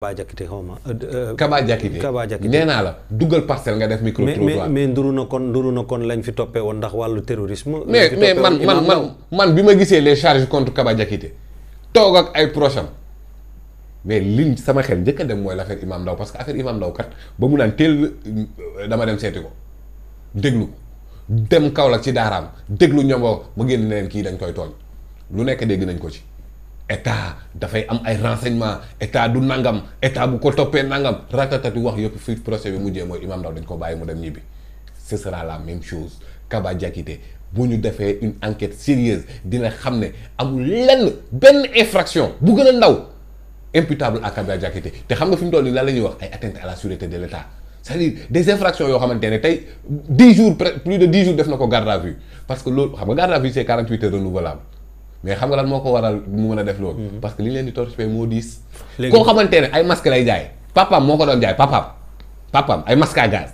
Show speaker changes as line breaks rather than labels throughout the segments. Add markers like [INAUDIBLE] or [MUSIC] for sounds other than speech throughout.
Kaba Diakité xaw ma. Kaba Diakité Kaba nee naa la duggal parcelle nga def micro trottoir. mais mais na kon nduru na kon lañ fi toppee woon ndax wàllu terrorisme. mais mais man man man
man bi ma gisee les charges contre Kaba Diakité toog ak ay procham mais liñ sama xel njëkk a dem mooy l'affaire Imam Ndaw parce que affaire Imam Ndaw kat ba mu naan teel euh, dama dem seeti ko déglu dem Kaolack ci daaraam déglu ñoom ma génn leen kii dañ koy tooñ lu nekk dégg nañ ko ci. état dafay am ay renseignements état du nangam état bu ko toppee nangam ratatati wax yëpp fi procès bi mujjee mooy Imam Ndaw dañ ko bàyyi mu dem ñibbi ce la même chose Kaba Diakité bu ñu defee une enquête sérieuse dina xam ne amul lenn benn infraction bu gën a ndaw imputable à Kaba Diakité te xam nga fi mu toll nii lan la ñuy wax ay atteinte à la sûreté de l'État cest dire des infractions yoo xamante ne tey dix jours plus de dix jours def na ko garde à vue parce que loolu xam mais xam nga lan moo ko waral mu mën a def loolu. Mhm. parce que li leen di torturer moo diis. koo xamante ne ay masque lay jaay. papaam moo ko doon jaay papaam papaam ay masque à gaz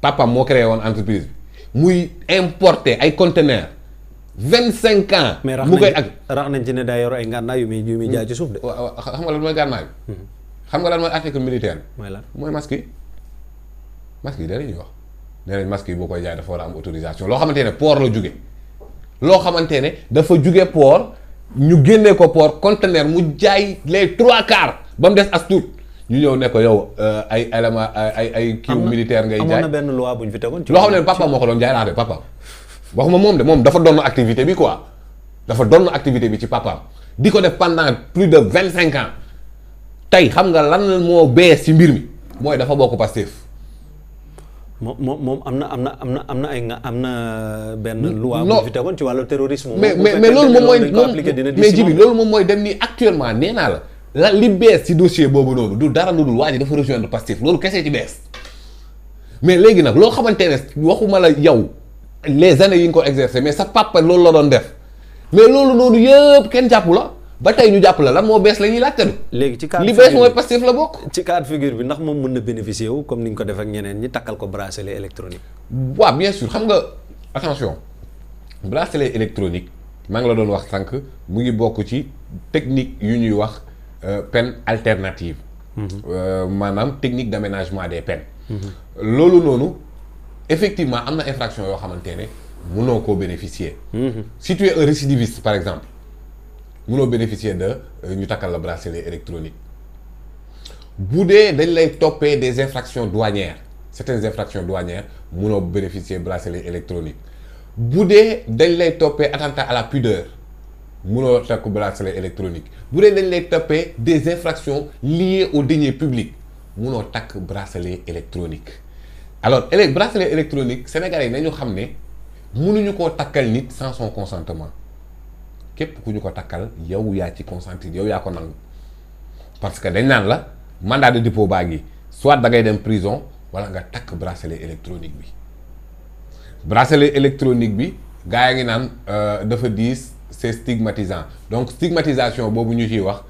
papaam moo créé woon entreprise muy importer ay conteneurs vingt cinq ans. mu koy ak mais rax nañ ci ne daa yor ay ngànnaay yu muy yu muy jaay ci suuf de. Hmm. xam nga lan mooy ngànnaay bi. Mhm. xam nga lan mooy article militaire bi. mooy lan masque yi masque yi dara ñu wax nee nañ masque yi boo koy jaay dafa war a am autorisation loo xamante ne port la jóge loo xamante ne dafa jóge port ñu génnee ko port conteneur mu jaay les trois quarts ba mu des as ñu ñëw ne ko yow euh, ay élément ay ay kiiw militaire ngay jaay amoon na benn loi bu ñu fi tegoon loo xam ne papa moo ko doon jaay laate papa waxuma moom de moom dafa doon activité bi quoi dafa donn activité bi ci papaam di ko def pendant plus de vingt cinq ans tey xam nga lan moo bees ci mbir mi mooy dafa bokk Pastef
moom moom am na am na am na am na ay nga am na benn loi bu fi tegoon ci wàllu terrorisme. mais mais loolu moom mooy mais jibi loolu
moom mooy dem nii actuellement nee naa la la li bees ci dossier boobu noonu du dara lu dul waa ji dafa rejoindre Pastef loolu kese ci bees mais léegi nag loo xamante ne waxuma la yow les années yi nga ko exercer mais sa papa loolu la doon def mais loolu noonu yëpp kenn jàppu la. ba tey ñu jàpp la la moo bees la ñuy laaj tamit. léegi ci cas li bees mooy Pastef
la bokk. ci cas figure bi ndax moom mën na bénéficier wu comme ni ñu ko defee ak ñeneen ñi takkal ko bracelet électronique.
waaw bien sûr xam nga attention bracelet électronique maa ngi la doon wax sànq mu ngi bokk ci technique yu ñuy wax euh, peine alternative. Mhm. Euh, maanaam technique d' aménagement des peines. Mhm. loolu noonu effectivement am na infraction yoo xamante ne mënoo koo bénéficier. Mhm. si tu es un récidiviste par exemple. mënoo bénéficier de euh, ñu takkal la bracelet électronique bu dee dañ lay toppee des infractions douanières certaines infractions douanières mënoo bénéficier bracelet électronique bu dee dañ lay toppee attentat à la pudeur mënoo takk bracelet électronique bu dee dañ lay toppee des infractions liées aux deniers publics mënoo takk bracelet électronique alors bracelet électronique sénégalais yi nañu xam ne munuñu koo takkal nit sans son consentement képp ku ñu ko takkal yow yaa ci consentir yow yaa ko nangu parce que dañ naan la mandat de dépôt baa ngi soit da ngay dem prison wala nga takk bracelet électronique bi bracelet électronique bi gaa yi ngi naan euh, dafa diis c'est stigmatisant donc stigmatisation boobu ñu ciy wax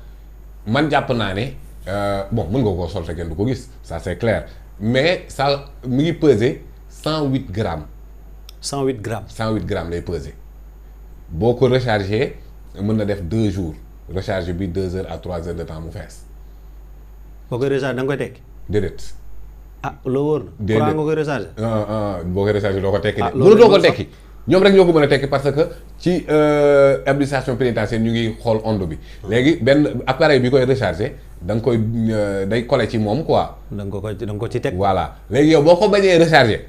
man jàpp naa ne euh, bon mën nga koo sol te kenn du ko gis ça c'est mais sa mi ngi peser cent huit grammes. cent huit grammes cent huit gramme lay peser. boo ko rechargé mën na def deux jours recharge bi deux heures à trois heures de temps mu fees. boo koy rechargé da nga koy tekki. déedéet. ah loo wóor na. déedéet courant nga ah, ah, boo koy rechargé doo ko tekki. Ah, loolu doo ko tekki. ñoom rek ñoo ko mën a tekki parce que ci euh, administration pénitentiaire ñu ngi xool onde bi. léegi benn appareil bi koy rechargé danga nga koy euh, day collé ci moom quoi. da nga ko da nga ko ci teg. voilà léegi yow boo ko bañee rechargé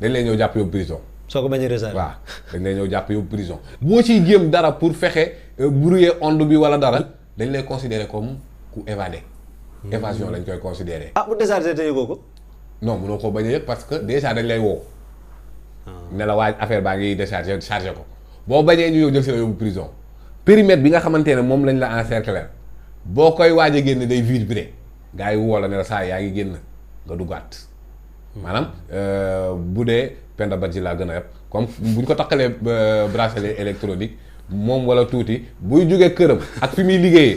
dañ lay ñëw jàpp yow prison. soo ko bañ a réserver waaw dañ lay ñëw jàpp yow prison boo ciy jéem dara pour fexe euh, brouiller onde bi wala dara dañ lay considérer comme ku évadé hmm. évasion lañ koy considérer ah bu déchargé te yëgoo ko non mënoo ko bañ a parce que déjà dañ lay woo ah. ne la affaire baa ngi déchargé chargé ko boo bañee ñu yow jël si la yóbbu prison périmètre bi nga xamante ne moom lañ la encercler boo koy waaj a génn day vibrer gars yi woo la ne saa yaa ngi génn nga duggaat hmm. euh, Penda Badji laa gën a yab comme bu ñu ko takkalee bracelet électronique moom wala tuuti buy jógee këram ak fi muy liggéeyee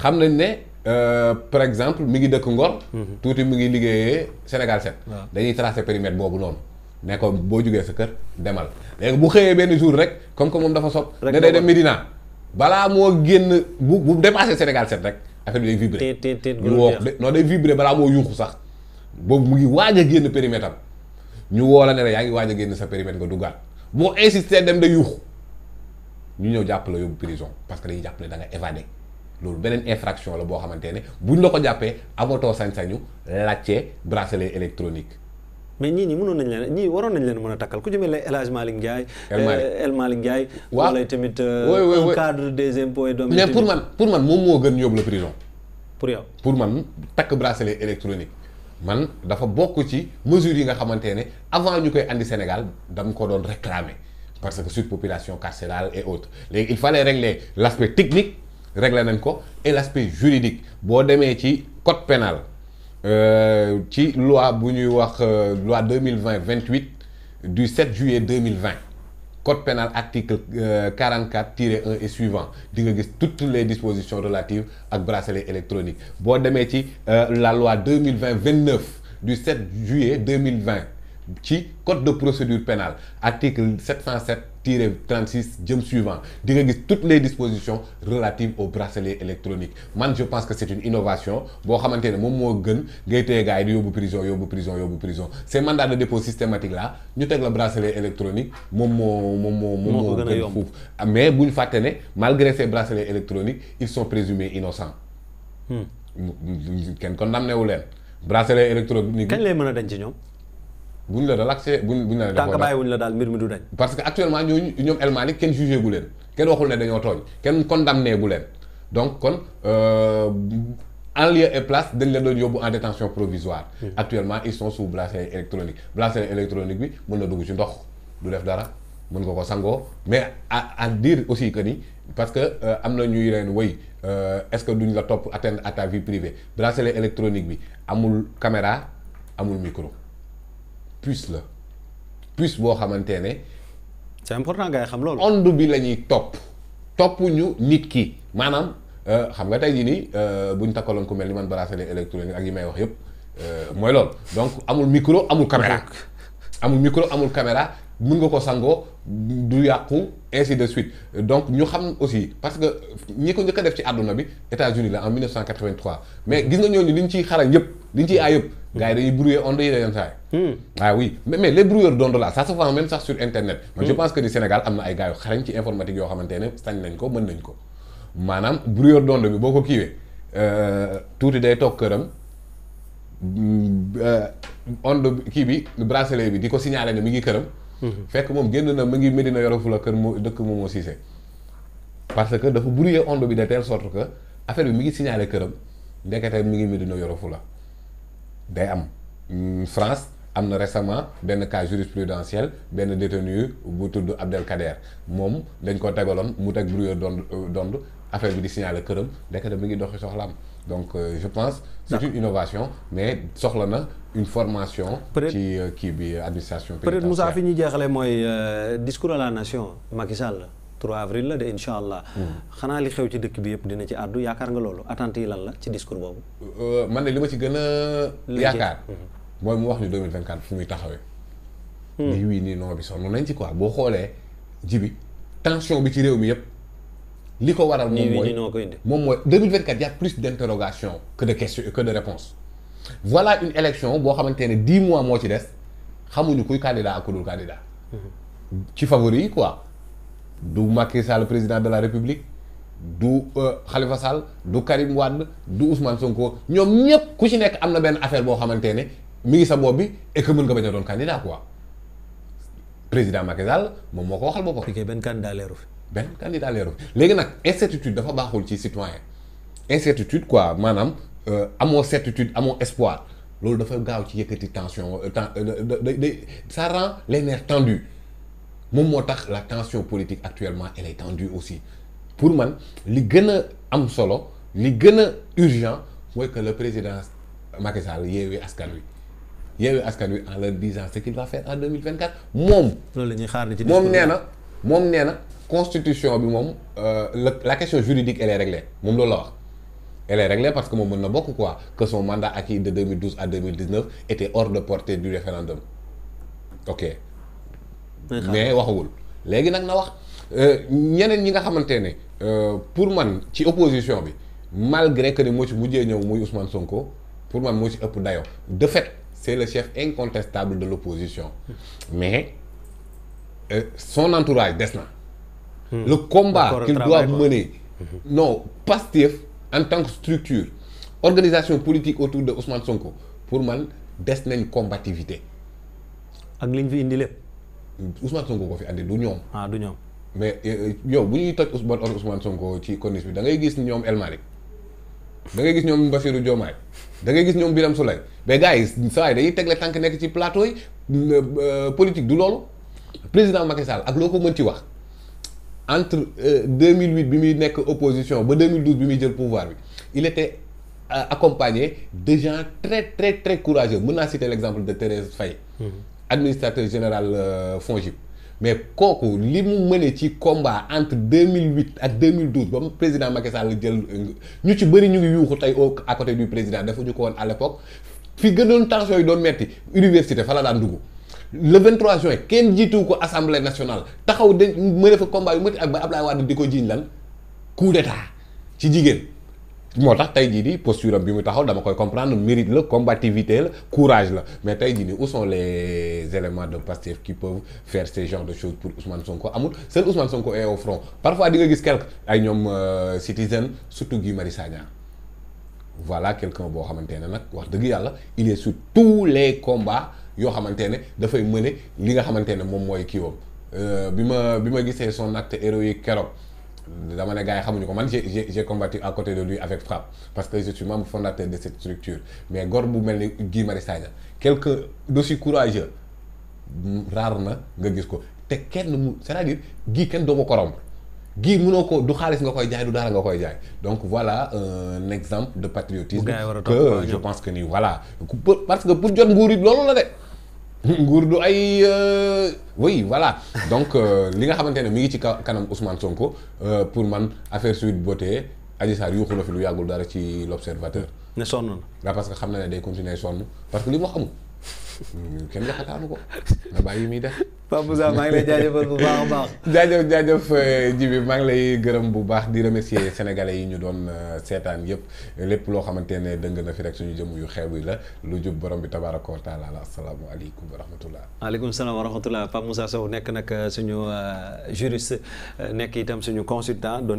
xam nañ ne euh, par exemple mi ngi dëkk Ngor. Mhm. tuuti mu ngi liggéeyee Sénégal set dañuy tracé périmètre boobu noonu. ne ko boo jógee sa kër demal léegi bu xëyee benn jour rek comme que moom dafa sob ne day dem Medina balaa moo génn bu bu dépassé Sénégal set rek affaire bi day vibré. te te te non day vibré balaa moo yuuxu sax boobu mu ngi génn périmètre am. ñu woo la ne la yaa ngi waaj a génn sa périmètre nga duggaat boo insister dem da yuux ñu ñëw jàpp la yóbbu prison parce que dañuy jàpp ne da nga évadé loolu beneen infraction la boo xamante ne ñu la ko jàppee amatoo sañ-sañu laajte bracelet électronique.
mais ñii ñi mënoon nañ leen ñii waroon nañ leen mën a takkal ku ci mel ne El Hadj Malick Ndiaye. El eh, tamit. Euh, un cadre des impôts et mais pour man
pour man moom moo gën yóbbu la prison. pour yow pour man takk bracelet électronique. man dafa bokk ci mesures yi nga xamante ne avant ñu koy indi Sénégal dama ko doon réclamer parce que surpopulation carcérale et autres léegi il fallait régler l' aspect technique régler nañ ko et l' aspect juridique boo demee ci code pénal euh, ci loi bu ñuy wax euh, loi 2020 28 du 7 juillet 2020 code pénal article 44 euh, tiré 1 et suivant di nga gis toutes les dispositions relatives ak bracelet électronique boo demee ci euh, la loi 2020 29 du 7 juillet 2020 ci code de procédure pénale article 707 tiré 36 jëm suivant di nga gis toutes les dispositions relatives au bracelet électronique man je pense que c'est une innovation boo xamante ne moom moo gën ngay téye gars yi di yóbbu prison yóbbu prison yóbbu prison ces mandats de dépôt systématique là ñu teg la bracelet électronique moom moo moom moo moom moo gën a foofu mais bu ñu fàtte ne malgré ces bracelets électroniques ils sont présumés innocents hmm. kenn condamné wu leen bracelet électronique kañ lay mën a denc ñoom buñ la relaxé buñ buñ la. tànk bàyyiwuñ la daal mbir mi du dañ. parce que actuellement ñooñu ñoom El Malick kenn jugé gu leen kenn waxul ne dañoo tooñ kenn condamné gu leen donc kon euh, en lieu et place dañ la doon yóbbu en détention provisoire. Hmm. actuellement ils sont sous bracelet électronique bracelet électronique bi mën na dugg ci ndox du def dara mën nga ko sangoo mais à à dire aussi que ni parce que euh, am na ñuy reen wéy euh, est-ce que duñ la topp atteindre à ta vie privée bracelet électronique bi amul caméra amul micro. puce la puce boo xamante ne. c'est important ngay xam loolu. onde bi la ñuy topp topp ñu nit ki maanaam euh, xam nga tey jii nii euh, bu ñu takkaloon ko mel ni man bracelet électronique ak yi may wax yëpp euh, mooy lool donc amul micro amul caméra amul micro amul caméra mën nga ko sangoo du yàqu ainsi de suite donc ñu xam aussi parce que ñi ko njëkk a def ci àdduna bi États-Unis la en 1983 mais gis nga li ñu ciy xarañ yëpp liñ ci aay yëpp. gars yi dañuy brouiller ondes yi yenn saa yi. Hmm. ah oui mais mais les brouilleurs d'ondes là ça se vend même sax sur internet. man je hmm. pense que ni Sénégal am na ay gars yu xarañ ci informatique yoo xamante sañ nañ ko mën nañ ko maanaam brouilleur d'onde bi boo ko kiiwee euh, tuuti day toog këram. Euh, onde kii bi bracelet bi di ko signalé ne mi ngi këram. Hmm. fekk moom génn na mu ngi Medina Yoro Fula kër mu dëkk Momo Cissé. parce que dafa brouiller onde bi de telle sort que affaire bi mi ngi signalé këram ndekete mi ngi Medina Yoro Fula. day am mm, France am na récemment benn cas jurisprudentiel benn détenu bu tudd Abdelkader moom dañ ko tegaloon mu teg brouillard dond euh, dond affaire bi di signaler këram ndekete mi ngi doxi soxlaam donc euh, je pense c'est une innovation mais soxla na une formation ci euh, kii bi administration pénitentiaire peut-être
Moussa fi ñuy jeexale mooy discours à la nation Macky 3 avril la de incha allah. xanaa li xew ci dëkk bi yëpp dina ci àddu yaakaar nga loolu attente yi lan la ci discours boobu. Euh, man ne
li ma ci gën a. yaakaar mhm. mooy mu wax ni 2024 fu muy taxawee. Hmm. ni wii nii non bi sonn nañ ci quoi boo xoolee ji bi tension bi ci réew mi yëpp. li ko waral moom mooy moom mooy 2024 y a plus d'interrogations que de questions que de réponses voilà une élection boo xamante ne 10 mois moo ci des xamuñu kuy candidat ak ku dul candidat. Hmm. ci du Macky Sall président de la République du euh, Khalifa Sall du Karim Wade du Ousmane Sonko ñoom ñëpp ku ci nekk am na benn affaire boo xamante ne mi ngi sa bopp bi et que mën nga bañ a doon candidat quoi président Macky Sall moom moo ko waxal boppam. ok benn candidat leeru fi. benn candidat leeru fi léegi nag incertitude dafa baaxul ci citoyen incertitude quoi maanaam euh, amoo certitude amoo espoir loolu dafa gaaw ci yëkkati tension temps day day ça rend les nerfs tendus. moom moo tax la tension politique actuellement elle est tendue aussi pour man li gën a am solo li gën a urgent mooy que le président Macky Sall yeewee askan wi yeewee askan wi en leur disant ce qu'il va faire en 2024 moom. loolu la ñuy xaar ci moom nee na moom nee na constitution bi moom euh, la la question juridique elle est moom loolu la wax. elle est réglée parce que moom mën na bokk quoi que son mandat acquis de 2012 à 2019 était hors de portée du référendum ok.
mais waxawul
léegi nag na wax euh, ñeneen ñi nga xamante ne euh, pour man ci opposition bi malgré que ni moo ci mujjee ñëw muy Ousmane Sonko pour man moo ci ëpp dayoo de fait c'est le chef incontestable de l'opposition hmm. mais euh, son entourage des na hmm. le combat qu'il doit mener mmh. non en tant que structure organisation politique autour de Ousmane Sonko pour man des nañ combativité ak liñ fi indi lépp Ousmane Sonko ko fi andi du ñoom. ah du ñoom. mais euh, yow bu ñuy toj Ousmane Ousmane Sonko ci corniche bi dangay gis ñoom El Malick da gis ñoom Bassirou Diomaye da ngay gis ñoom biram Souleye mais gars yi saa yi dañuy tegle tànk nekk ci plateau yi euh, euh, politique du loolu président Macky Sall ak loo ko mën ci wax entre mille 2008 bi muy nekk opposition ba 2012 bi muy jël pouvoir bi il était accompagné de gens très très très courageux mën naa citer l'exemple de Thérèse Faye. Mm-hmm. administrateur général euh, FONGIP mais kooku li mu mëne ci combat entre deux 2008 ak 2012 ba mu président Macky Sall jël ñu ci bëri ñu ngi yuuxu tey oo à côté du président dafa ñu ko woon à l'époque fi gënoon tension yi doon metti université fa la daan dugg le 23 juin kenn jiituwu ko assemblée national taxaw de mëne fa combat yu métti ak ba Abdoulaye Wade di ko jiiñ lan coup d'état ci jigéen. moo tax tey jii di posture bi mu taxaw dama koy comprendre mérite la combativité la courage la mais tey jii nii où sont les éléments de Pastef qui peuvent faire ce genre de choses pour Ousmane Sonko amul seul Ousmane Sonko est au front parfois di nga gis quelque ay ñoom euh, citizen surtout Guy Marius Sagna voilà quelqu'un boo xamante ne nag wax dëgg yàlla il est sur tous les combats yoo xamante ne dafay mëne li nga xamante ne moom mooy kii woom euh, bi ma bi ma gisee son acte héroïque keroog. dama ne gars yi xamuñu ko man j'ai j'ai combattu à côté de lui avec frappe parce que je suis membre fondateur de cette structure mais gor bu mel ni Guy Marius Sagna quelqu'un d'aussi courageux rare na nga gis ko te kenn mu cest gii kenn doo ko corrompre gii munoo ko du xaalis nga koy jaay du dara nga koy jaay donc voilà un exemple de patriotisme que je pense que nii voilà parce que pour jot nguur it loolu la de [LAUGHS] nguur du ay euh, oui voilà donc euh, li nga xamante ne mi ngi ci kanam Ousmane Sonko euh, pour man affaire Sweet Beauté Adji Sarr yuuxu na fi lu yàggul dara ci l'observateur ne sonn na. waaw parce que xam na ne day continuer sonn parce que li mu wax amul [LAUGHS] kenn jaxataanu ko nga bàyyi muy def. Pape Moussa maa ngi lay jaajëfal bu baax a baax. jaajëf jaajëf eh, ji bi maa ngi lay gërëm bu baax di remercier sénégalais yi ñu doon eh, seetaan yëpp lépp loo xamante ne dëng na fi rek suñu jëm yu xew yi la lu jub borom bi tabaaraka wa taala asalaamaaleykum wa rahmatullah.
waaleykum salaam wa rahmatullah Pape Moussa nekk nag eh, suñu juriste nekk itam suñu consultant doon.